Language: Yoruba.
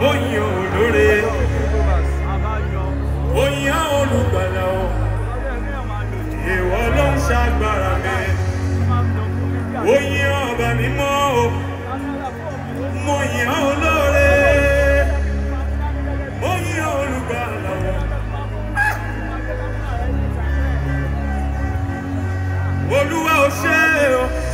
mo yìn olóore mo yìn àwọn olùgbàlà o ìwọ ló ń ṣàgbára mi mo ọba mímọ́ o mo yìn àwọn olóore mo o. Olúwa ò ṣe o.